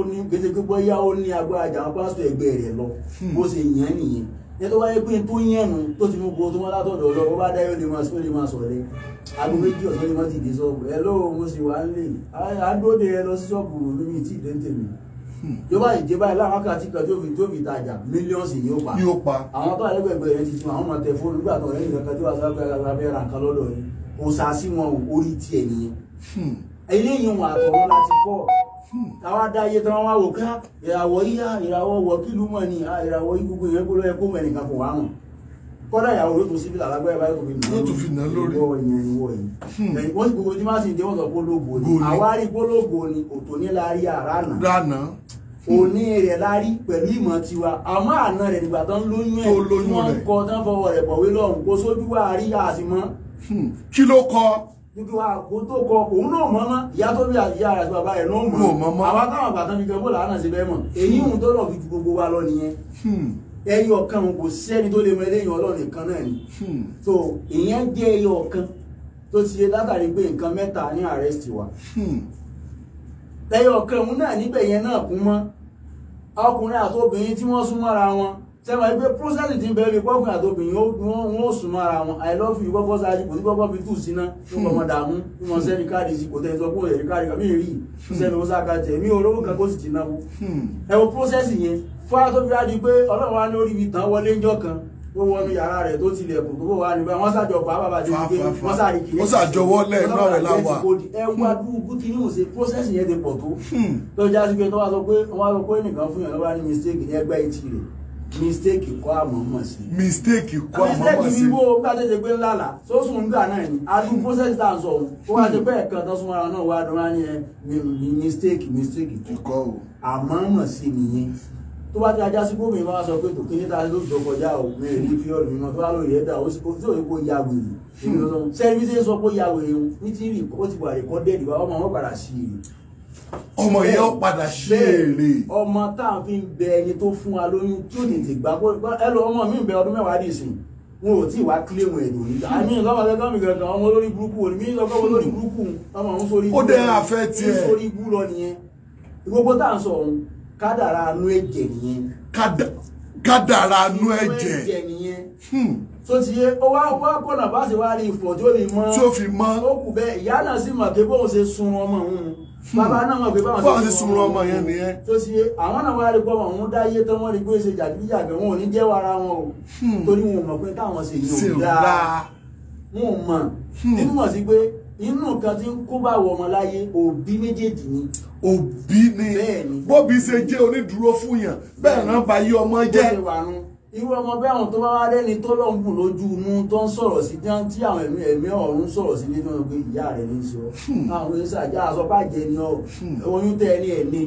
ó ní gbèsègbè bóyá ó ní agbára jà wọn pásítọ̀ ẹgbẹ́ rẹ̀ lọ hmm. bó ṣe yàn nìyẹn ní tó wáyé pé tó yẹnu tó ti mú kó tó wọn látọ̀dọ̀ lọ wọn bá dá yóò lè máa sọ lè máa sọ rẹ aago méjì ọ̀sán lè má ti dé sọ́ọ̀bù ẹ lọ́wọ́ mo sì wá ń lè àádóde ẹ lọ sí sọ́ọ̀bù lómi tí ì dẹ́ntẹ̀ mi hmm. yóò bá ìjẹ́ báyìí láwọn wákàtí kan tó fi tó fi tajà mílíọ̀nsì ni ó pa ni ó pa àwọn tó àlẹ́gbẹ̀gbẹ̀ yẹn ti tún àwọn ọmọ tẹ fóònù nígbà tó ọ̀rẹ́ nìkan kan tí wàá sábẹ́ abẹ́ ra nǹkan lọ́dọ̀ yìí kò sá sí wọn orí tiẹ̀ nìyẹn hmm. eléyìí wọn àtọ̀rọ̀ láti kọ́ káwá dá iye tán wá wò ká ah, ìràwọ̀ yíyá ìràwọ̀ wọ̀ kí ló mọ̀ ni ah, ìràwọ̀ yí gbogbo ìyẹn gbọ́dọ̀ yẹ kó mọ̀ kò wá mọ̀ kọ́dà ìyàwó ló tún sí fìlà lágbẹ́rẹ́ báyìí kò fi nà lórí tó lórí ìwọ ìyẹn ìwọ yìí hmm. wọ́n ti gbogbo tí má sì dé wọ́n sọ gbólógbò ni àwárí gbólógbò ni òtò ní láàrí àrànà rànà òní rẹ̀ láàrí pẹ̀lú ìmọ̀ tiwa àmọ́ àna rẹ̀ nígbà tán lóyún ẹ̀ tí wọ́n kọ tán fọwọ́ rẹ̀ bọ̀wé lọ́hùn kó sójú wa rí àsìmọ́. Hmm. kí ló kọ níbi wa kó tó kọ òun náà mọ́ mọ́ ìyá tó bí ìyá rẹ̀ àti bàbá rẹ̀ náà mọ̀ mọ́ àwa táwọn àgbàtàn fi kẹ́kọ̀ọ́ làánà sí bẹ́ẹ̀ mọ̀ èyí ń tó lọ fi ju gbogbo wa lọ nìyẹn hmm. ẹyọ kan kò sẹ́ni tó lè mọ eléyìí ọlọ́run nìkan náà ni hmm. so ìyẹn jẹ́ ẹyọ kan tó ti ṣe látàrí pé nǹkan mẹ́ta ní àrẹ́sì wa hmm. ẹyọ kan òun náà níbẹ̀ yẹn náà kún mọ́ ọkùnrin àtobìnrin tí wọ́n sún mọ́ra wọn sẹ́wọ̀n ẹgbẹ́ process ti bẹ̀rẹ̀ bí kọ́kùn àtòbìnrin wọ́n ó sùn mọ́ra wọn i love you kọ́kọ́ sáájú kò ní kọ́kọ́ fi tù síná tó kọ́mọ dààmú bí wọ́n sẹ́ni káàdì sí kò tẹ́ sọ fún ẹ̀rí káàdì kàmí rí sẹ́ni ó sáà kájẹ mí olówó kan kó sì ti náwó ẹ wo process yẹn fún àtòbí á di pé ọlọ́run wa lórí ibi tán wọlé ńjọ́ kan ó wọnú yàrá rẹ̀ tó tilẹ̀kùn tó wà níbẹ̀ wọ́n sàjọ pa bàbá jẹ́ wípé wọ́n sàrí kìí. wọ́n sàjọwọ́ lẹ́ẹ̀nà rẹ̀ láwà. ẹ wá dúró kí ni ò ṣe process yẹn ti pọ̀ tó. Hmm. tó já sí pé tó wá sọ pé wọ́n wá sọ pé nìkan fún yàn lọ́wọ́ ní mistake ẹgbẹ́ etí rẹ̀ mistake kọ́ àmọ́mọ́ sí. mistake kọ́ àmọ́mọ́ sí. mistake ni wo bá tètè gbé ńlá là tó sùn gbà náà ni Adu process tá a sọ o tó wá ti pẹ́ ẹ̀kan tó súnmọ́ra náà wá dọ́ra ni ẹ mi mistake mistake kọ́ o àmọ́mọ́ sí nìyẹn tó bá ti ajá sí gómìnà máa sọ pé tòkí níta ló jọ kọjá o mi rí fíọ́ọ̀lù mi náà tó bá lóye ẹ̀dá o sì kò tí ò ní kó ya wèrè sẹ́yìn sẹ́yìn sọ pé ya wèrè o ní tí ì ọmọ yẹn ó padà ṣe èrè. ọmọ tá à ń fi bẹ ẹni tó fún wa lóyún tí ò tètè gbà kó ẹ lọ ọmọ mi bẹ ọdún mẹ́wàá nìsín wọn ò tí ì wá kílèmù ẹ̀dùn nígbà àmì ìlọ́wọ́ lẹ́gbẹ́ mi gẹ̀ẹ́dọ̀ ọmọ olórí burúkú òní mi lọ́gbẹ́ olórí burúkú ọmọ òun sórí ibú ó dẹ́ afẹ́ tiẹ̀ sórí ibú lọ nìyẹn gbogbo tá à ń sọ òun kádàrá anú ẹ̀jẹ̀ nìyẹn. kádàrá anú ẹ̀jẹ̀ nìyẹn tó hmm. ti yé ó wá wá kọ́nà bá sì wá rí ìfọ̀ tó fi mọ́ tó fi mọ́ ó kù bẹ́ẹ̀ ìyá náà sì mà bàbá náà mọ̀ pé báwọn ti sunrun ọmọ yẹn nìyẹn. tó ti yé àwọn náà wáá rí pọ́ àwọn dá iye tán wọ́n rí pé ṣe jàdíjàgbẹ́ wọn ò ní jẹ́wọ́ ara wọn o hmm. torí wọn ò mọ̀ pé táwọn ṣe yìí ò dáa wọn ò mọ̀ nínú hmm. mọ̀ sí pé inú nǹkan tí ń kó bá wọ ọmọ láyé òbí méjèèjì ni. òbí ni bóbi ṣe jẹ́ onídùúró fún yàn bẹ́ẹ̀ náà bá yí ọmọ jẹ́. bó ṣe wà nù irú ọmọ bẹ́ẹ̀ àwọn tó bá wá rẹ́ni tó lọ́n bù lójú inú tó ń sọ̀rọ̀ sí dán tí àwọn ẹ̀mí ẹ̀mí ọ̀run sọ̀rọ̀ sí nínú ọgbẹ́ ìyá rẹ̀ ní sọ hmm. àwọn oníṣàjá àsọpàjẹ ni ọ hmm. oyún tẹ ẹni ẹ̀ ní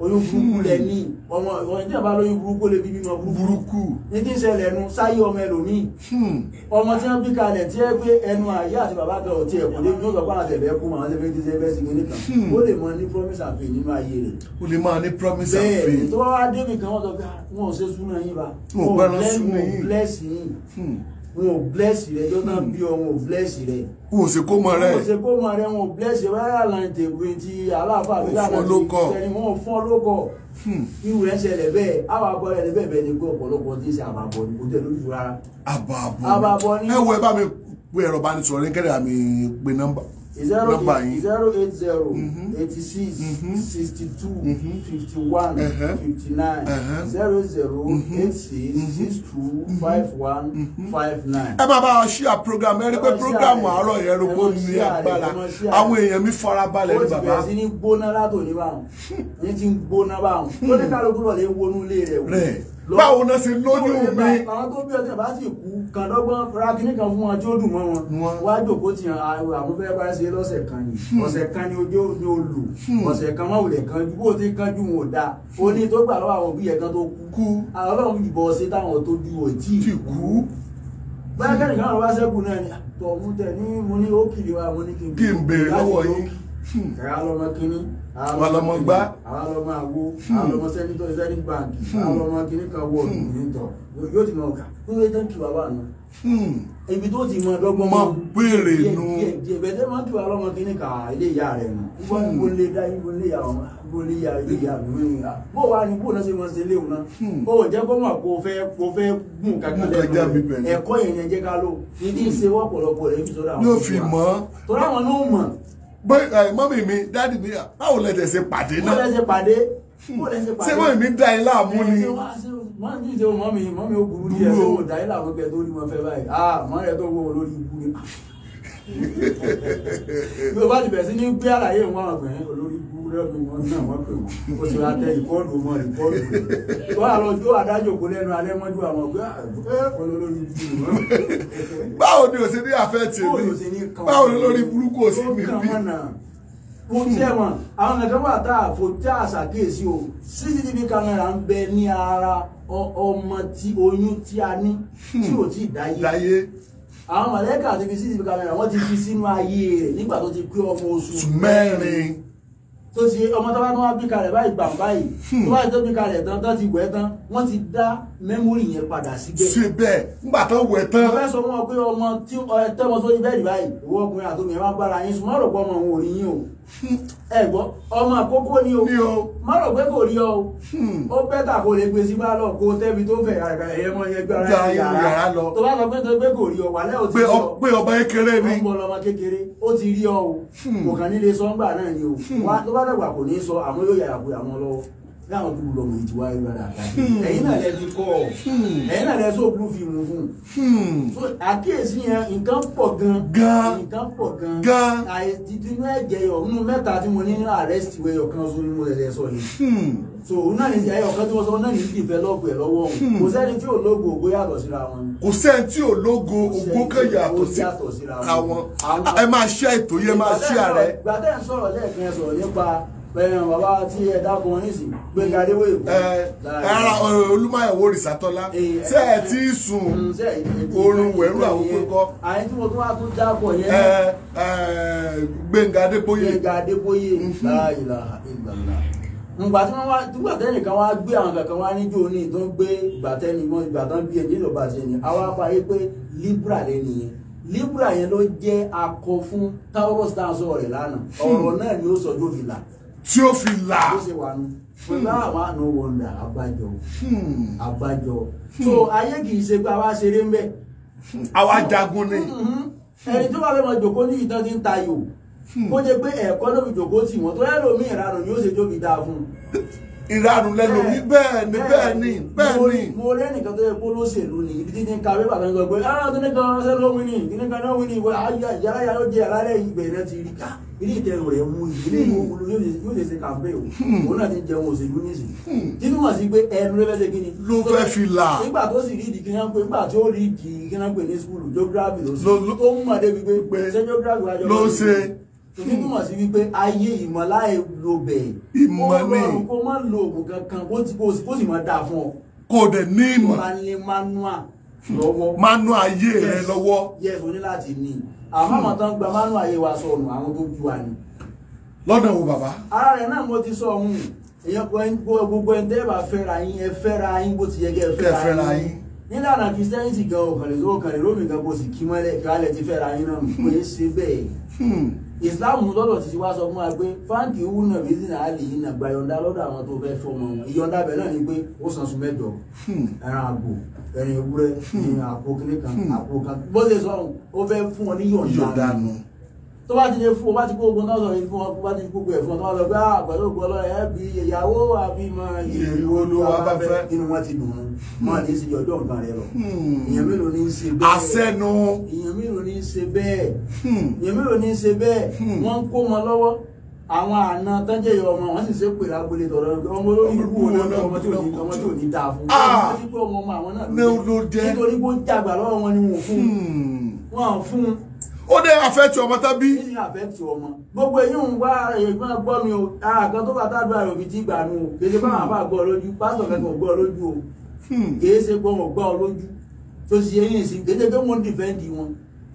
oyún burúkú hmm. lẹ ní ọmọ ìwọ̀n tí àbá lóyún burúkú lè bí mímọ burúkú ní tí ń ṣẹlẹ̀ ẹnu sáyé ọmọ ẹlòmíì hmm. ọmọ tí wọ́n bí kalẹ̀ tí ẹ gbé ẹnu àyè àti bàbá kan ọ̀tí ẹ̀ kò lè yóò sọ pé àwọn àtẹ̀bẹ̀ kú àwọn àtẹ̀bẹ̀ ti ṣẹ́fẹ́ sí nìkan hmm. ó lè máa ní promise and faith nínú ayé rẹ̀. ó lè máa ní promise and faith. bẹ́ẹ̀ tó bá wá débi wọn ò bless rẹ jọ́nà bí ọ wọn ò bless rẹ. wọn ò ṣe kó mọ rẹ. wọn ò ṣe kó mọ rẹ wọn ò bless rẹ rárá là ń tègbè ti aláàfà bí láti ṣẹni wọn ò fọ́ lókọ̀. Hmm. irú rẹ ṣẹlẹ̀ bẹ́ẹ̀ àwọn abọ́ rẹ bẹ́ẹ̀ bẹ́ẹ̀ ni pé ọ̀pọ̀lọpọ̀ ti ṣe àbàbọ̀ ni kò tẹ̀ lójú rárá. àbàbọ̀ ẹ wo ẹ bá mi pé ẹ̀rọ bá ní sọ̀rọ̀ ní kẹ́rẹ́ àmì pé nọ́mbà zero eight zero mm-hmm. eighty six mm-hmm. sixty two mm-hmm. fifty one uh-huh. fifty nine zero uh-huh. zero eight six six two five one five nine. ẹ máa bá wa ṣíà program ẹ rí pé program àárọ̀ yẹn ló kó ní agbára àwọn èèyàn mi farabalẹ̀ ní bàbá. ó ti bẹ̀rẹ̀ sí ní gbóná látòní báwọn ní ti ń gbóná báwọn lóníkàlùkù lọ́ọ̀lẹ́ wọnú ilé rẹ̀ wò báwo náà ṣe lóyún mi. àwọn tó bí ọtí bá sì kú kàndọ́gbọ́n ra kinní kan fún wọn tí ó dùn mọ́ wọn wá jòkó ti hàn àwọn fẹ́ bá ṣe lọ́sẹ̀ kan ni hmm. ọ̀sẹ̀ kan ni ojú ni ó lò hmm. ọ̀sẹ̀ kan máa wulẹ̀ kan ju bó ti kan ju wọn ò dáa ó hmm. ní tó gbà lọ́wọ́ àwọn òbí yẹn kan tó kú àwọn ọlọ́run yìnbọn ṣe táwọn tó ju òtí kú báyà kẹ́nìkan àwọn wá ṣẹ́kù náà ni ah, tọ̀ mo tẹ̀ ní mo ní ó kiri wa mo ní kí n béèrè lọ́wọ́ yín àwọn ọmọ kínní àwọn ọmọ gbá àwọn ọmọ àwo àwọn ọmọ sẹ́nitọ́ zenith bank àwọn hmm. ọmọ kínní kan wọ ọdún hmm. tọ yóò ti mọ ọkà wíwé tó ń kí bàbá àná hmm. ibi tó ti mọ ọdọgbọn mọ béèrè nu ìbẹ̀tẹ̀ máa ń tù àwọn ọmọ kínní kan ilé ìyá rẹ̀ nù wọ́n ń gbólé dá ìgbólé ìyá ọmọ gbólé ìyá ilé ìyá mi bó wàá ní bóun náà ṣe máa ṣe léwu náà bó o jẹ́ gbọ́mọ̀ kó o kó o gùn kankan lẹ́nu ẹ̀kọ́ yẹn Eh, mọ́mì mi dáàdì mi ah, báwo lẹ tẹ̀ ṣe pàdé náà. bó lẹ ṣe pàdé hmm. bó lẹ ṣe pàdé. ṣé mọ́mì mi dá yín láàmú ni. wọ́n ti ṣe mọ́mì mọ́mì ó burú díẹ̀ ṣé mo dá yín láàmú kẹ́ tó rí mọ́ fẹ́ báyìí. ah mọ́ rẹ̀ tó wọ́ olórí ibú ni bí o bá ti bẹ̀rẹ̀ sí ní gbé àlàyé wọn àgbẹ̀ olórí búrẹ́bù wọn náà wọ́n pè wọ́n o sì ra tẹ ìkọ́ọ̀dù wọn ìkọ́ọ̀dù wọn àwọn tó adájọ́ kó lẹ́nu alẹ́ mọ́jú àwọn ọ̀gbẹ́ ah, àgbẹ̀ olórí búrẹ́bù wọn. báwo ni o ṣe ní àfẹ́ tèmi báwo ni olórí burúkú o sì mí bí mo jẹ́ wọn àwọn nǹkan wà tá a fojá àṣàkíyèsí o cctv kámẹ́rà ń bẹ ní ara ọmọ tí oyún tí a ní tí ò tí àwọn mọ̀lẹ́kà àti fi sí ibi kamẹ́rà wọ́n ti fi sínú ayé rẹ̀ nígbà tó ti pé ọmọ oṣù mẹ́rin tó ti ọmọ tó bá tó wá bí kalẹ̀ báyìí gbàm báyìí hmm. tó bá tó bí kalẹ̀ tán tó ti wẹ̀ tán wọ́n ti dá mẹ́mórì yẹn padà síbẹ̀. síbẹ̀ nígbà tó wẹ̀ tán. mo fẹ́ sọ fún pé ọmọ tí tẹ́mọ sórí báyìí owó ọkùnrin ẹ̀ máa bára yín ọmọ òun ò rí yín o. Hmm. ẹ ni o má rò pé kò rí ọ hmm. kò lè gbèsè bá lọ kó tẹ́bi tó fẹ̀ mọ yàrá lọ. tó bá sọ pé tó gbé kò rí ọ láwọn tó lọ méjì wáyé lọ́dà àtàkì hmm. ẹ̀yin náà lẹ́bi kọ́ ọ hmm. ẹ̀yin náà lẹ́sọ̀ blú fíìmù fún un hmm. àkíyèsí yẹn nǹkan pọ̀ gan nǹkan pọ̀ gan àìdìdínú ẹ̀jẹ̀ yọ̀ nínú mẹ́ta tí mo ní àrẹ́sì wẹ̀ yọ̀ kan sórí mo lẹ̀lẹ̀ sọ yìí so náà ní ẹyọ kan tí wọ́n sọ náà ní dìvẹ́lọ́pù ẹ̀ lọ́wọ́ òun kò sẹ́ni tí ò lógo ògo yàtọ̀ síra wọn. kò sẹ́ni tí ò lógo ògo kan yàtọ̀ síra wọn ẹ máa ṣe ètò yìí ẹ máa ṣe ààrẹ. gbàtẹ́ ń sọ̀rọ̀ lẹ́ẹ̀kan ẹ sọ̀rọ̀ nípa bàbá tí ẹ dákun wọn nísìn gbẹngà adéwòye. ara eh, olúmọ̀yẹ̀wò rìsátọ́lá eh, ṣé ẹ ti sùn mm, oorun wẹ̀rù àwọn eh, pẹ́kọ́. àyìn tí mo tún wá tún dákọ̀ yẹn. gbẹngà adébóyè. gbẹngà adébóyè láìla mhm. ìlàlá. ǹgbà tí wọ́n wá dúgbà tẹ́nì kan wá gbé àwọn kankan wá níjó ní tó ń gbé ìgbà tẹ́nì mọ́ ìgbà tán ẹ̀jẹ̀ lọ́ba ṣe ni àwa pa yé pé libra lẹ́nu yẹn libra yẹn ló jẹ́ akọ fún táwọn bọ́sítà sọ̀rọ̀ rẹ̀ hmm. ọ̀rọ̀ náà ni ó sọ tí ó fi là. ó ṣe wà nù pẹ̀lú àwọn àna wọ̀nà àbájọ àbájọ so ayé kì í ṣe pé àwa ṣeré ń bẹ̀. àwa jagun ni. ẹni tó bá fẹ́ mọ jòkó ní ìtàn ti ń tayò kó jẹ pé ẹ̀kọ́ ló fi jòkó tì wọ́n tó lẹ́lòmí ìranù ni ó ṣe tó fi dáa fún un. ìranù lẹ́lòmí bẹ́ẹ̀ ni bẹ́ẹ̀ ni bẹ́ẹ̀ ni. mo lẹ́nìkan tó yẹ kó lóṣèlú ni ibi tí ń ka pépà kan gbọ́ pé ah kíní kan ṣẹ́ ló wí ni kíní kan náà wí ni ìwé ayé àyàrá yàrá ó jẹ́ àlálẹ́ ìgbẹ̀rẹ̀ ilé ìtẹnu rẹ̀ mú ilé ìwòkúlù yóò ṣe ṣe kàmpẹ́ o hmm. òun náà ti jẹun òṣèlú nísì títí mọ̀ sí pé ẹnu ló fẹ́ ṣe kíni. ló fẹ́ fi là. nígbà tó sì rí ìdí náà pé nígbà tí ó rí ìdí kí náà pè ní sùkúlù geography ló ṣe tó ń mọ̀ débi pé ṣé geography wájú ló ṣe tòbí túmọ̀ sí wípé ayé ìmọ̀ láì bẹ̀ ìmọ̀ ni kó má lo oògùn kankan àmọ́ àwọn tó ń gba mánú ayé wa sọnù àwọn tó ju wa lọ́dọ̀ wo bàbá. ara rẹ̀ náà mo ti sọ ohun èèyàn gbogbo ẹni tẹ́ bá fẹ́ra yín ẹ fẹ́ra yín bó ti yẹ kẹ́ ẹ fẹ́ra yín nílànà kìrìsìtẹ́nìtì gan ọ̀kànlẹ̀ tó ọ̀kànlẹ̀ lómi gan bó sì kí mọ́lẹ̀ kálẹ̀ ti fẹ́ra yín náà pé é ṣe bẹ́ẹ̀ ìsìláàmù hmm. lọ́dọ̀ ti wá sọ fún wa pé fáǹkì wù náà àlè yìí náà gba ìyọ̀ǹda lọ́dọ̀ àwọn tó fẹ́ fọmọ wọn ìyọ̀ǹda bẹ̀ náà ni pé ó san sùn mẹ́jọ hmm. ẹran àgbò ẹ̀rìn ewúrẹ́ ní hmm. àpò kíní kan hmm. àpò kan bó ṣe sọ ó fẹ́ fún ọ ní yọ̀ǹda nù tó bá ti lè fún ọ bá ti kó ogun náà sọ yìí fún ọ bá ti kó ogun tó bá lọ pé àpẹẹrẹ ah, ògùn ọlọ́rẹ̀ ẹ̀ bí ìyàwó àbí máa yìí olú wa bá fẹ́ inú wọn ti dùn ún hmm. ní í ṣe nǹkan rẹ lọ ìyẹn mélòó ní í ṣe bẹ́ẹ̀ àṣẹnu ìyẹn mélòó ní í ṣe bẹ́ẹ̀ ìyẹn mélòó ní í ṣe bẹ́ẹ̀ wọ́n kó wọn lọ́wọ́ àwọn àna tọ́jú ìyá ọmọ wọn sì ṣe pèrè agbolé tọ̀rọ̀ ọmọ olórí wọn náà ọmọ tí ò ní ọmọ tí ò ní dáa fún wọn ah! wọ́n ọmọ ọmọ àwọn náà ló jẹ́ nítorí pé ó jàgbà lọ́wọ́ wọn ni wọ́n fún hmm. wọn fún ó dé àfẹ́tì ọmọ tábí. ní àfẹ́tì ọmọ gbogbo eyín ń wá ẹ̀gbọ́n gbọ́ mi o àkàn tó bá tádùn àrò mi ti gbà o kì í ṣe pé àwọn gbọ́ lójú pásítọ̀ kẹ́kọ̀ọ́ gbọ́ lójú o hmm. kì í ṣe gbọ́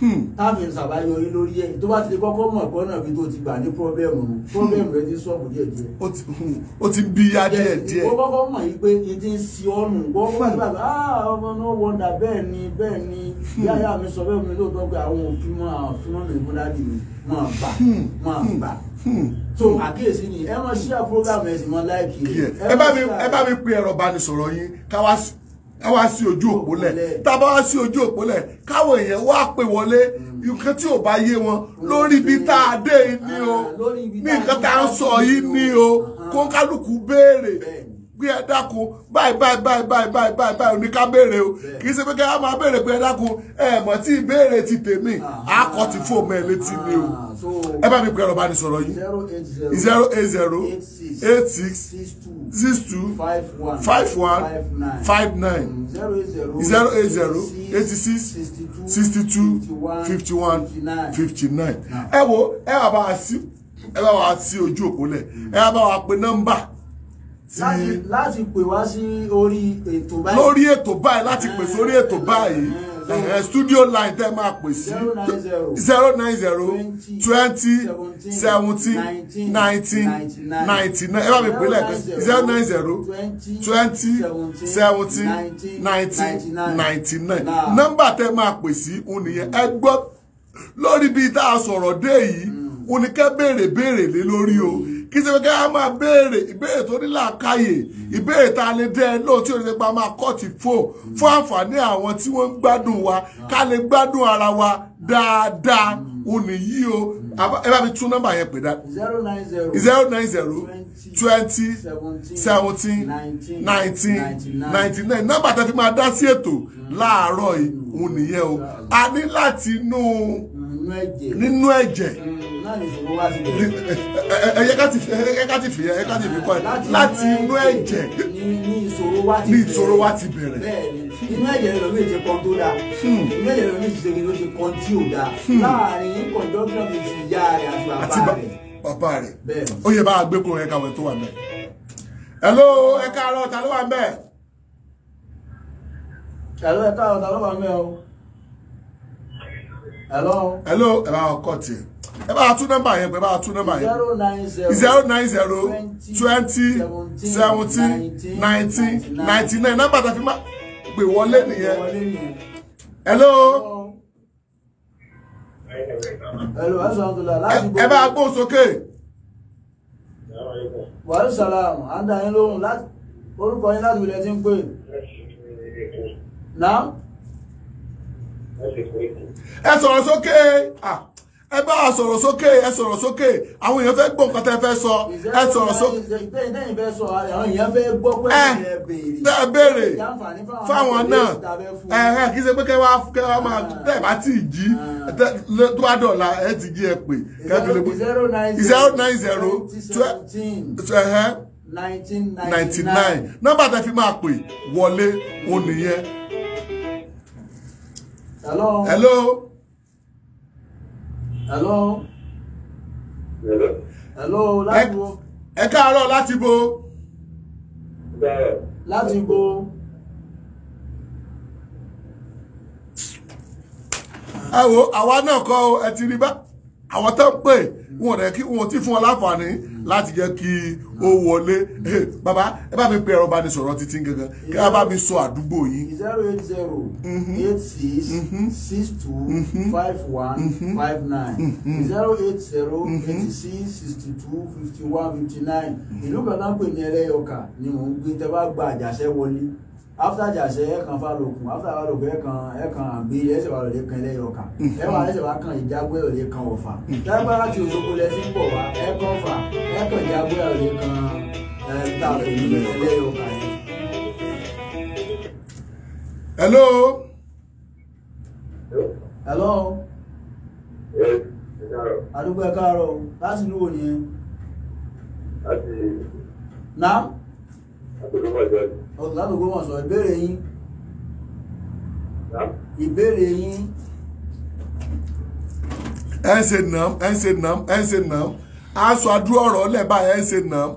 Hmm. táàfin ṣàbáyọrí lórí ẹ̀ tó bá ti lè kọ́kọ́ mọ̀ ẹ̀kọ́ náà bí tó ti gbà ní pọ́blẹ́mù pọ́blẹ́mù rẹ ti sọ̀kù díẹ̀ díẹ̀. ó ti hmm, bí ya díẹ̀ díẹ̀. ó kọ́kọ́ mọ̀ yìí pé e ti ń si ọ̀nù gbọ́ngbọ́n gbàgbà ah ọmọ náà wọ́ndà bẹ́ẹ̀ ni bẹ́ẹ̀ ni hmm. yáyà mi sọ bẹ́ẹ̀ mi lóòótọ́ pé àwọn òfin mọ́ àwọn òfin mọ́ mi múlá dì mí mọ́ bà mọ́ bà so àkíyèsí ni ẹ mọ̀ ṣí ká wá sí ojú òpó lẹ̀ tá a bá wá sí ojú òpó lẹ̀ káwọn èèyàn wá pè wọlé mm. nǹkan tí ò bá yé wọn lórí ibi tá a dé ni o ah, ní nǹkan tá a ń sọ yìí ni o ah. kó kálukú béèrè pé ẹ dákun báyìí báyìí báyìí báyìí báyìí báyìí báyìí oníká béèrè o kì í ṣe pé kí a máa béèrè pé ẹ dákun ẹ mọ̀ tí ìbéèrè ti tèmi àkọ́ ah. ti fún ọmọ ẹ létí ni o ah, ẹ bá mi pè ẹ̀rọ ìbánisọ̀rọ̀ yìí zero eight zero eight six six two five one five nine zero eight zero eighty six sixty two fifty one fifty nine ah. ẹ wo ẹ bá wa sí ojú òpó lẹ ẹ bá wa pe nọ́mbà láti pè wá sí orí ètò báyìí. lórí ètò báyìí láti pè sórí ètò báyìí eh, eh, studio line tẹ́ máa pè sí zero nine zero twenty seventeen nineteen ninety nine ẹ bá mi pè lẹ́ẹ̀kan zero nine zero twenty seventeen nineteen ninety nine nọ́mbà tẹ́ máa pè sí òun nìyẹn ẹ gbọ́ lórí bíi tá a sọ̀rọ̀ dé yìí hmm. òun ni kẹ́ béèrè béèrè lé lórí o. Hmm kí ṣe pé a máa béèrè ìbéèrè tó ní làákàyè ìbéèrè tá a lè dẹ́ ẹ òṣèlú pa máa kọ́ọ̀tì fò fún àǹfààní àwọn tí wọ́n ń gbádùn wa ká lè gbádùn ara wa dáadáa òun nìyí o ẹ bá mi tún nọ́mbà yẹn pè dá zero nine zero twenty seventeen nineteen nineteen nine nọ́mbà tó fi máa dá sí ètò láàárọ̀ yìí òun nìyẹn o a ní láti nínú ẹ̀jẹ̀ ẹyẹ ká ti fi ẹ ká fi kọ ẹ láti inú ẹ̀jẹ̀ ni ìṣòro wa ti bẹ̀rẹ̀. inú ẹ̀jẹ̀ rẹ̀ lómi ti pọn tó dáa inú ẹ̀jẹ̀ rẹ̀ lómi ti ṣègbè tí ò dáa láàrin kọ̀ńdọ́gbọ̀n mi ti ìyá rẹ̀ àti bàbá rẹ̀ ó yẹ bá a gbé kúrò ẹ̀ka wẹ̀ tó wà mẹ́. hello ẹ káàárọ̀ ta ló wà mẹ́. hello ẹ káàárọ̀ ta ló wà mẹ́ o. hello. hello ẹ bá wọn kọ́ tiẹ̀ ẹ bá tún nọ́mbà yẹn pé ẹ bá tún nọ́mbà yẹn zero nine zero twenty seventeen nineteen ninety nine nọ́mbà tá a fi máa pè wọlé nìyẹn hello. ẹ bá gbóhùn sókè. wàhálà sàlám à ń dá yín lóhùn orúkọ yín láti ilẹ̀ tí ń pè. náà. ẹ sọ̀rọ̀ sókè ẹ bá a sọ̀rọ̀ sókè ẹ sọ̀rọ̀ sókè àwọn èèyàn fẹ́ gbọ́ nǹkan tẹ́ fẹ́ sọ ẹ sọ̀rọ̀ sókè. ìtẹ́yìn fẹ́ sọ àwọn èèyàn fẹ́ gbọ́ pé ẹ béèrè. tẹ́ ẹ béèrè fáwọn náà ẹ ẹ eh, eh, kì í ṣe pé kẹ́ wá kẹ́ wá máa ah. tẹ́ ẹ bá tì í jí ah. tó bá dọ̀la ẹ ti jí ẹ pè kẹ́tù lè pè zero nine zero twelve eh, ninety nine nọ́mbà tẹ́ fi máa pè wọlé o nìyẹn. hello. hello hello. hello Hello. bo. ẹ káàárọ̀ láti bo. Lati bo. Awo awa na náà kọ́ ẹ ti rí bá àwọn tó pè wọn rẹ̀ kí wọn ti fún wọn láǹfààní láti jẹ́ kí ó wọlé eh, bàbá ẹ bá mi pe ẹ̀rọ ìbánisọ̀rọ̀ títí gangan kí ẹ bá mi sọ àdúgbò yín. zero eight zero mhm. eight six mhm. six two mhm. five one five nine zero eight zero eight six six two fifty one fifty nine ìlú kan náà pè ní ẹlẹ́yọkà ni mò ń gbé tẹ́ bá gba àjàṣẹ́ wọlé after jàṣẹ ẹ kan falokun after falokun ẹ kan ẹ kan àgbé ẹsẹ wa lòlẹ kan ẹlẹyọ kan mm. ẹ wà ẹsẹ wa kan ìjágbé lòlẹ kan ọfà tágbá mm. láti òṣogbo lẹ ti ń bọ ẹ kan fà ẹ kan ìjágbé lòlẹ kan ẹ ta òyìnbó ẹlẹyọ kan yẹn. hello. hello. àdúgbò ẹ láti inú wo nìyẹn. láti. náà. àtòlùmọ̀ ìjọ ni ọ̀tún láti Ògbómọ̀ṣọ́ ìbéèrè yín ìbéèrè yín. ẹ ń ṣe nàm ẹ ń ṣe nàm ẹ ń ṣe nàm aṣọ àdúrà ọ̀rọ̀ lẹ́bàá ẹ ń ṣe nàm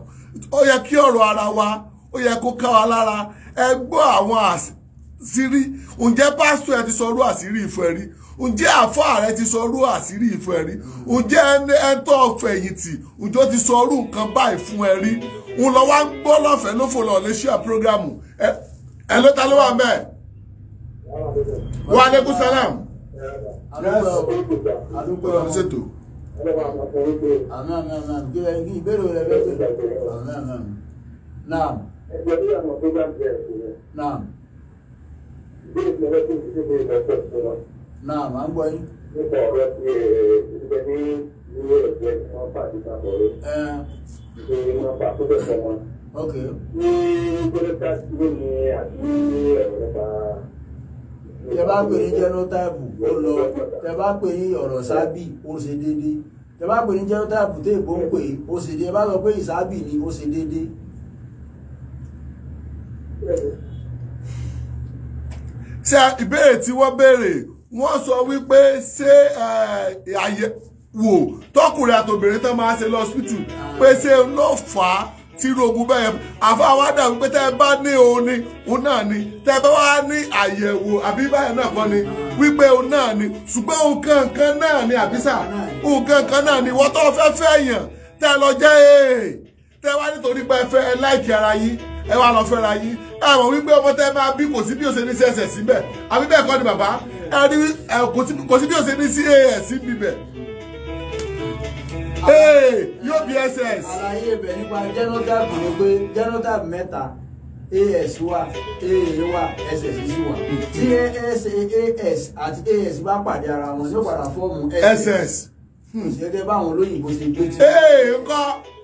ó yẹ kí ọ̀rọ̀ ara wa ó yẹ kó ká wa lára ẹ gbọ́ àwọn àṣírí ǹjẹ́ pásítọ̀ ẹ ti sọ orú àṣírí ìfọ̀ ẹ rí ǹjẹ́ àfáà ti sọ orú àṣírí ìfọ̀ ẹ rí ǹjẹ́ ẹni ẹ̀tọ́ ti sọ orú nǹkan báyìí fún ẹ ń lọ wá ń gbọ́ lọ́fẹ̀ẹ́ ló fò lọ lè ṣíà prógrámù ẹ ló ta ló wà bẹ́ẹ̀ wa aleykum salam. ọlọ́run ṣètò. naam. ẹgbẹ́ ń gbọ́ yín. nípa ọ̀rọ̀ ti ẹ̀ ẹ̀ ní ilé ẹ̀jẹ̀ wọn pàdé papọ̀ rẹ̀ ṣe máa pa tó bẹ̀ fọ́ wọn. ní jẹ́nọ́tà sílé ni àti ẹ̀rọ nípa. tẹ bá pè ní jẹ́nọ́tàbù ó lọ tẹ bá pè ní ọ̀rọ̀ sábì ó ṣe déédéé tẹ bá pè ní jẹ́nọ́tàbù tó ìbò ń pè ó ṣe déédéé bá sọ pé ìsábì ni ó ṣe déédéé. ṣé ìbéèrè tí wọ́n béèrè wọ́n sọ wípé ṣé àyè wò tọkùnrin àtòbìnrin tán máa ṣe lọ́sítù pé ṣé ló fà á tírú ogun bẹ́ẹ̀ àfa wa dàbí pé tẹ́ ẹ bá ní òun ni òun náà ni tẹ́ ẹ bá wá ní àyẹ̀wò àbí báyìí náà kọ́ ni wípé òun náà ni ṣùgbọ́n nǹkan kan náà ni àbísà nǹkan kan náà ni wọ́n tó fẹ́ fẹ́ yàn tẹ́ ẹ lọ jẹ́ èè tẹ́ ẹ wá nítorí pé ẹ fẹ́ ẹ láìkí ara yín ẹ wá lọ fẹ́ra yín ẹ mọ̀ wípé ọmọ tẹ́ ẹ máa bí kò sí bí òṣèlú sí ẹsẹ̀ síbẹ̀ àbí bẹ́ẹ̀ kọ́ ni bàbá ẹ rí kò sí bí òṣèlú sí ẹ̀ẹ́ sí bíbẹ̀ yóò bí ss. àlàyé ibẹ̀ nípa genotype ni pé genotype mẹ́ta as wà aa wà ss sì wà tí as àti as bá pàdé ara wọn yóò padà fọ́ọ̀mù ss hmm, gẹ́gẹ́ báwọn olóyìnbó ṣe gbé tí. ǹkọ́.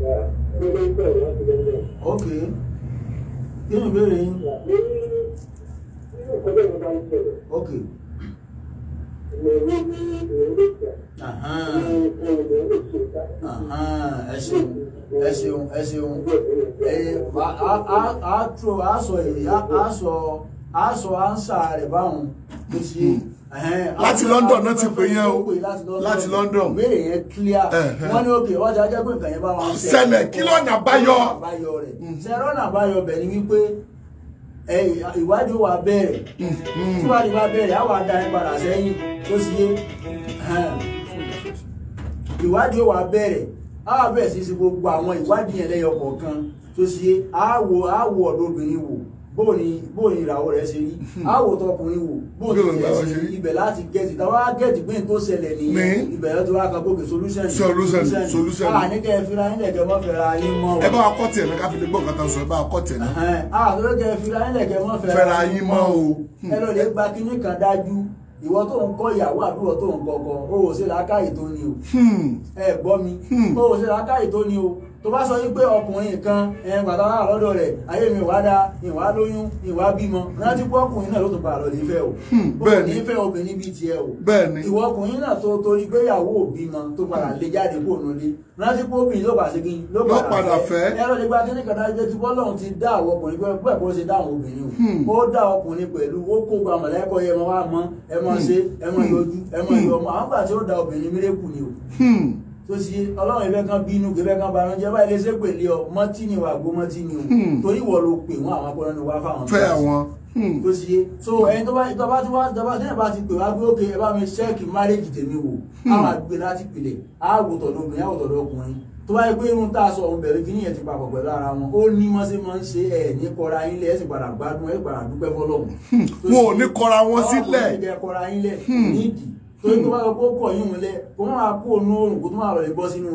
ok inú ìbéèrè yín. ok. ẹ ṣeun ẹ ṣeun ẹ ṣeun a sọ a sọ a sọ ansa rẹ báwọn bó láti London náà ti pè yẹn o láti London wọn ní òkè ọjà jẹ́ pé nǹkan bá wọn ṣẹlẹ̀ ṣẹlẹ̀ kí lọ́nà àbáyọ rẹ̀ mm. ṣẹlẹ̀ ọ̀nà àbáyọ bẹ̀ ni wípé ìwádìí wa bẹ̀rẹ̀ mm, mm. ìwádìí wa bẹ̀rẹ̀ àwọn sẹ́yìn tó sì yé ìwádìí wa bẹ̀rẹ̀ àwọn abẹ́rẹ́ gbogbo àwọn ìwádìí yẹn bóò ni bóò ni ìràwọ̀ rẹ̀ ṣe rí àwò hmm. tọkùnrin wò bóò ni ìràwọ̀ rẹ̀ ṣe rí ibẹ̀ láti gẹ̀ẹ́tì táwa gẹ̀ẹ́tì pé n tó ṣẹlẹ̀ ní ibẹ̀ yẹn tó wá kan gòkè solution solution solution a ah, ní kẹ́ ẹ fira yín lẹ̀kẹ́ mọ́ fẹ́ra yín mọ́ o. ẹ bá wa kọ́ tiẹ̀ ní ká fi lè gbọ́ nǹkan tán sọ ẹ bá wa kọ́ tiẹ̀ ní. a ah, tó lè kẹ́ ẹ fira yín lẹ̀kẹ́ mọ́ fẹ́ra yín mọ́ o. Hmm. ẹ lọ lè gba kinní kan dájú ìwọ tó ń kọ ìyàwó àbúrò tó ń kọkọ o ò ṣe làákàyè tó ni o hmm. ẹ tó bá sọ wípé ọkùnrin kan ẹn bàtà wà lọ́dọ̀ rẹ̀ ayé mi wá dá ìwà lóyún ìwà bímọ rántí pé ọkùnrin náà ló tún padà nífẹ̀ o hmm, bẹ́ẹ̀ni nífẹ̀ obìnrin bíi tiẹ̀ o bẹ́ẹ̀ni ìwọ ọkùnrin náà tó torí pé ìyàwó bímọ tó padà lè jáde kó nu lé rántí pé obìnrin ló pàṣẹ kí ló padà fẹ́ ẹ lọ́ọ́ nígbà tí nìkan dájú ti bọ́lọ́run ti dá àwọn ọkùnrin pẹ́ kó ṣe dá àwọn obìnrin o hmm. ó dá ọkùnrin pẹ̀lú ó kó gba mọ̀lẹ́kọ̀ yẹ mọ́ wá mọ́ ẹ mọ́ hmm. ṣe ẹ mọ́ yọjú ẹ mọ́ yọ ọmọ àwọn gbà tí ó da obìnrin mérekù ni o tó sì ọlọ́run ìfẹ́ kan bínú ìfẹ́ kan banújẹ́ báyìí lè ṣe pèlè ọ mọ́tì ni wàá gbó mọ́tì ni o hmm. torí ìwọ ló pè wọ́n àwọn akọ́nà ni wàá fáwọn fẹ́ àwọn hmm. tó sì so ẹni tó bá tó bá tó bá tó bá tẹ́lẹ̀ bá ti pè wá gbé òkè ẹ bá mi ṣẹ́ẹ̀kì márèjì tèmi wò àwọn àgbè hmm. láti pèlè àwòtọ̀ lóbìnrin àwòtọ̀ lọkùnrin tó bá yẹ pé irun tá a sọ ọ̀hún bẹ̀rẹ̀ kí nìyẹn ti papọ̀ pẹ̀lú ara wọn ó ní wọ́n ṣe máa ń ṣe ẹ̀ ní kọra yín lẹ̀ ẹ̀ sì padà gbádùn ẹ̀ padà dúpẹ́ fọlọ́hún. wọn ò ní kọra wọn sílẹ̀. ọlọ́run ò ní kọra yín lẹ̀ nídìí torí má kó onú hmm. oòrùn kó má lọ bọ́ sínú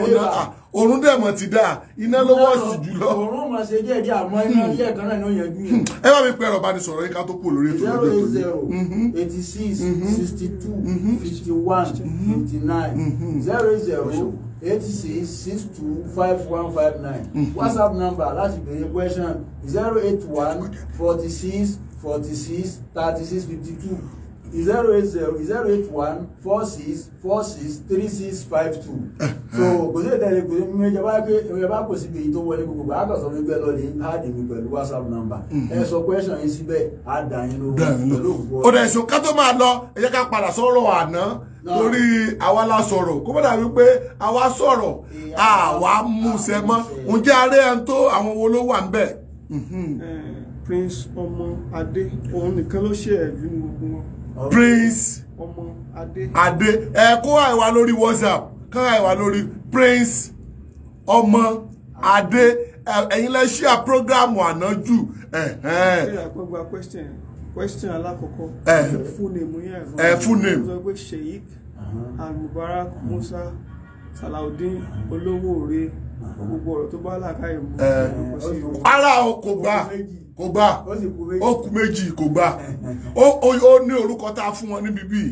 oòrùn náà oòrùn dẹ̀ mọ̀ ti dáa iná ló sí jùlọ. Hmm. Hmm. ẹ bá mi pe ẹ̀rọ ìbánisọ̀rọ̀ yín ká tó kú lórí ètò ìjọba ètò yìí. zero zero eighty six sixty two fifty one fifty nine zero zero eight six six two five one five nine hmm. whatsapp number láti béèrè question zero eight one forty six forty six thirty six fifty two zero eight zero zero eight one four six four six three six five two eh, so eh. kò sí ìtẹ̀lé kò sí mímú ìjọba pé ìjọba kò síbi èyí tó wọlé gbogbo àgbà sọ wípé lọ́ọ̀lì ń káàdì mi pẹ̀lú whatsapp number hmm. ẹ sọ question yín síbẹ̀ á dà yín lóhùn pẹ̀lú òkú ọ̀rọ̀. ó dẹ̀ sọ ká tó máa lọ ẹ ká padà sọ́rọ̀ àná torí àwa la sọ̀rọ̀ kó bọ́dà wípé àwa sọ̀rọ̀ àwa múṣẹ mọ́ ǹjẹ́ aré ẹni tó àwọn wo ló wà ń bẹ̀. Prince ọmọ Adé òun nìkan ló ṣe ẹ̀jú ní gbogbo wọn. Prince ọmọ Adé Adé ẹ kó àìwá lórí WhatsApp kó àìwá lórí Prince ọmọ Adé ẹ̀yin lẹ ṣí à prógrámù àná jù. Ṣé àpẹgbà question yẹn? question alákọ̀ọ́kọ́ full name yẹn ẹ full name ó sọ pé sheik almubarak musa uh-huh. uh-huh. Uh-huh. salaudeen olówó òre gbogbo ọ̀rọ̀ tó bá làákàyè mu. ara o kò gbà kò gbà ó kú méjì kò gbà ó ní orúkọ tá a fún wọn níbi bíi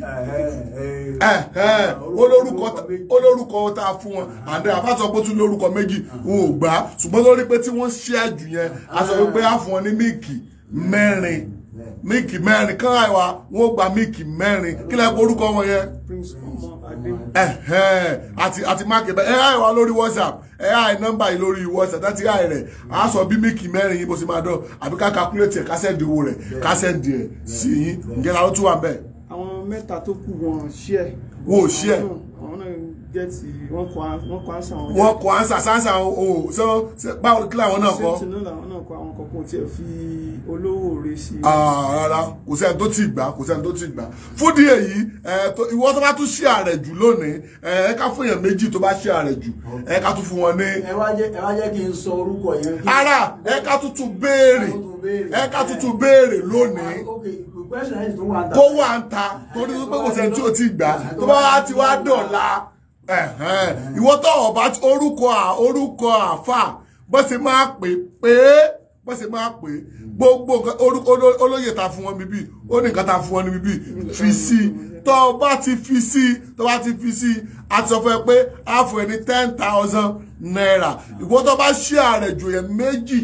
olórúkọ tá a fún wọn àdé àfàsọ pé tún lórúkọ méjì wọn ò gbà ṣùgbọ́n lórí pé tí wọ́n ṣe àjù yẹn a sọ pé a fún wọn ní míìkì mẹ́rin míìkì mẹ́rin kán àìwá wọn ó gba míìkì mẹ́rin kí lẹ́ orúkọ wọn yẹn àti àti máàkì bẹ́ẹ̀ ẹ àìwá lórí whatsapp ẹ àì nọ́mbà yìí lórí whatsapp láti àì rẹ̀ á sọ bí míìkì mẹ́rin yìí bó ṣe máa dán àbí ká calculate ẹ̀ kásẹ̀ di owó rẹ̀ kásẹ̀ di ẹ̀ sí yín ǹjẹ́ la ó tún wà bẹ́ẹ̀. àwọn mẹ́ta tó kù wọn ṣí ẹ̀. wọn ò ṣí ẹ̀ get wọ́n kọ ansa wọn. wọ́n kọ ansa sansa o so báwo kí làwọn náà kọ. ṣé tinú làwọn náà kọ àwọn kọ̀ọ̀kan tí ẹ fi olówó rẹ sí. Ah, rárá kò sẹ́ni tó ti gbà kò sẹ́ni tó ti gbà fún díẹ̀ yìí ìwọ tó bá tún ṣí ààrẹ jù lónìí ẹ ká fún èèyàn méjì tó bá ṣí ààrẹ jù ẹ ká tún fún wọn ní. ẹ wá jẹ́ kí n sọ orúkọ yẹn. ara ẹ ká tún tún béèrè ẹ ká tún tún béèrè lónìí ah, kó wà ń ta torí pé kò sẹ́ni tí ti gbà tó bá ti wá dọ̀la ìwọ tó ọba orúkọ orúkọ àfà bó ṣe máa pè pé bó ṣe máa pè gbogbo olóyè ta fún wọn bíbí ó ní nǹkan ta fún wọn bíbí fi sí tó bá ti fi sí tó ti fi sí a sọ fún ẹ pé a fún ẹ ní ten thousand naira ìwọ tó bá ṣí ààrẹ jù yẹn méjì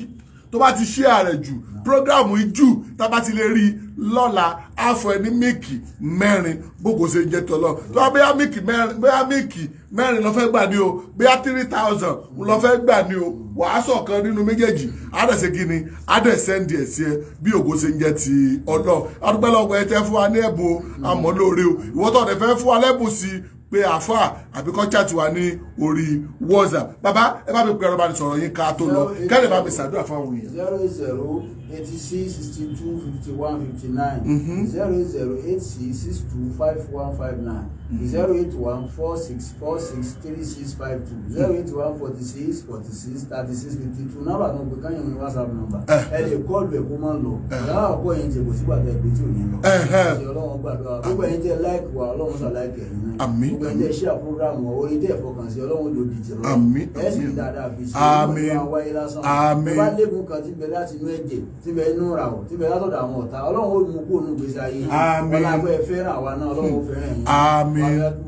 tó bá ti ṣí ààrẹ jù prógráàmù ijú tábà ti lè rí i lọ́la àfọ ẹni míìkì mẹ́rin bókò ṣe jẹ́ tọ́lọ́ tó bá bóyá míìkì mẹ́rin bóyá míìkì mẹ́rin ló fẹ́ gbà ní o bóyá three thousand ló fẹ́ gbà ní o wàásù ọ̀kan nínú méjèèjì àdẹ̀sẹ̀ kí ni àdẹ̀sẹ̀ ń di ẹ̀sìn ẹ bí ògo ṣe ń jẹ́ ti ọlọ́ adúgbẹ́lọ́gbọ̀ ẹ tẹ́ fún wa ní ẹ̀bùn amọ̀lóore o ìwọ́tọ̀ ọ̀dẹ̀ fẹ́ fún wa lẹ́bùn sí pé àfà àbí kọ́jà tiwa ní orí whatsapp bàbá ẹ bá mi pè bá mi sọ̀rọ̀ yín ká tó lọ kẹ́lẹ̀ bá mi ṣàdúrà fáwọn èèyàn. zero eight zero eighty six sixty two fifty one fifty nine mm-hmm. zero zero eight six six two five one five nine mm-hmm. zero eight one four six four six three six five two zero eight one forty six forty six thirty six fifty two nọ́mbà kan pé káyọ̀ ní whatsapp nọ́mbà eh. ẹ lè kọ́ọ̀lù ẹ̀ kó má lọ ìyá àkọ́ yẹn jẹ kò sígbà tẹ̀ pé tí ò ní lọ eh, eh. ọlọ́run gbàdúrà gbogbo ẹ̀yin jẹ́ láìpẹ́ wa ọlọ́run ṣàlàyé ẹ̀yin náà gbogbo ẹjẹ ṣíà orí tẹ fọkàn Ọlọ́run ló di tìrọ ẹsìn dáadáa fi ṣe ìlú àwọn wáyé lásán tó bá lẹkùn kan ti bẹ láti inú ẹ̀jẹ̀ ti bẹ inú ra ọ ti bẹ látọ̀dọ̀ àwọn ọ̀tá Ọlọ́run ó mú kó onú gbèsè ayé ọlọpàá ẹ fẹ́ràn àwa náà Ọlọ́run fẹ́ràn yín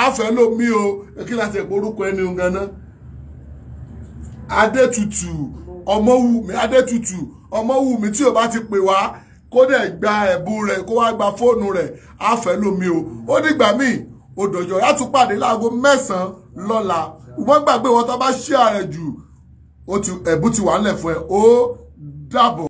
àfẹ́ lómi o kí láti ẹ̀pọ̀ orúkọ ẹni ganan adétutù ọmọwùmí adétutù ọmọwùmí tí o bá ti pè wá kó dẹ̀ gba ẹ̀bù rẹ̀ kó wá gba fóònù rẹ̀ àfẹ́ lómi o ó dìgbà míì òdòjọ́ yá tún pàdé láago mẹ́sàn-án lọ́la wọ́n gbàgbé wọn tó bá ṣí ààrẹ jù ẹ̀bù ti wà ńlẹ̀ fún ẹ ó dàbọ̀.